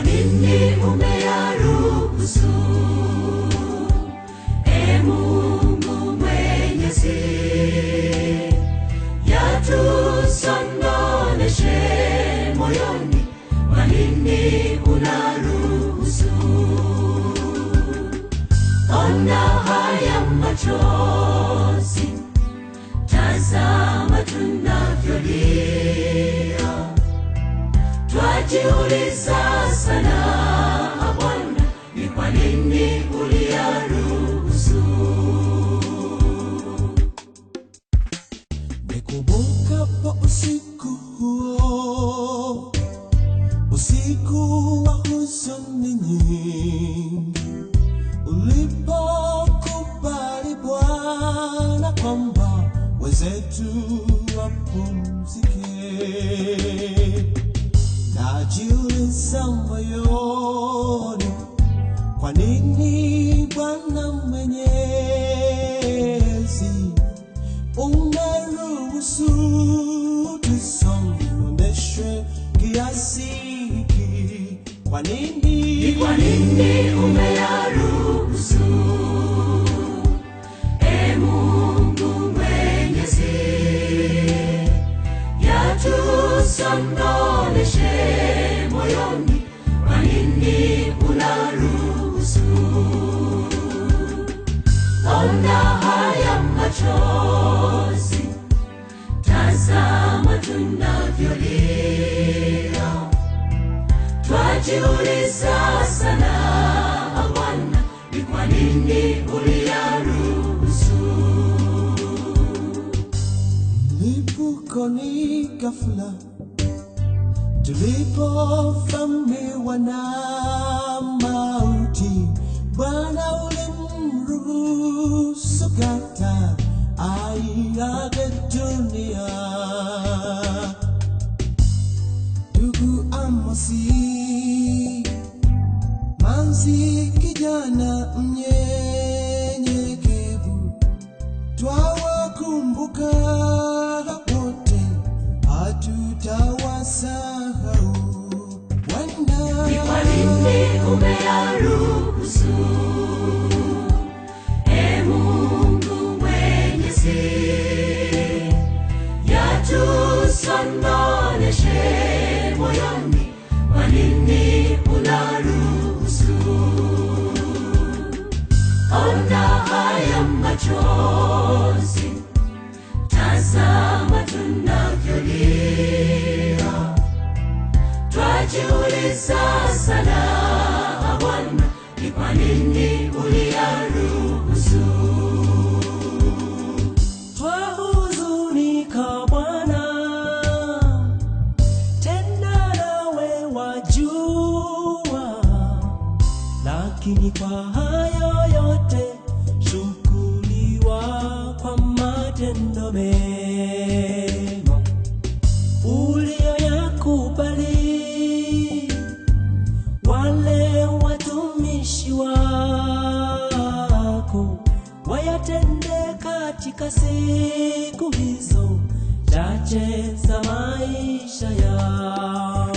Kwa nini umeyaruhusu? E Mungu Mwenyezi, yatusondoneshe moyoni, kwa nini unaruhusu? Ona haya machozi, tazama tunavyolia najiuliza sana Bwana, ni kwa nini uliaruhusu Nikumbuka pa usiku huo, usiku wa huzuni nyingi, ulipokubali Bwana kwamba wenzetu wapumzike Kwa nini Bwana Mwenyezi umeruhusu tusononeshwe kiasi hiki? Kwa nini? kwa nini umeyaruhusu? E Mungu Mwenyezi, yatusononeshe moyoni hauna haya machozi, tazama tunavyolia. Twajiuliza sana Bwana, ni kwa nini uliyaruhusu? Mlipukoni ghafla tulipofamiwa na aya aiage dunia dugu Amosi manzi kijana mnyenyekevu twawakumbuka wote hatutawasa Uliuliza sana Bwana, ni kwa nini Bwana, nawe lakini kwa hayo yote shukuliwa kwa matendo mema. Tuishi katika siku hizo chache za maisha yao.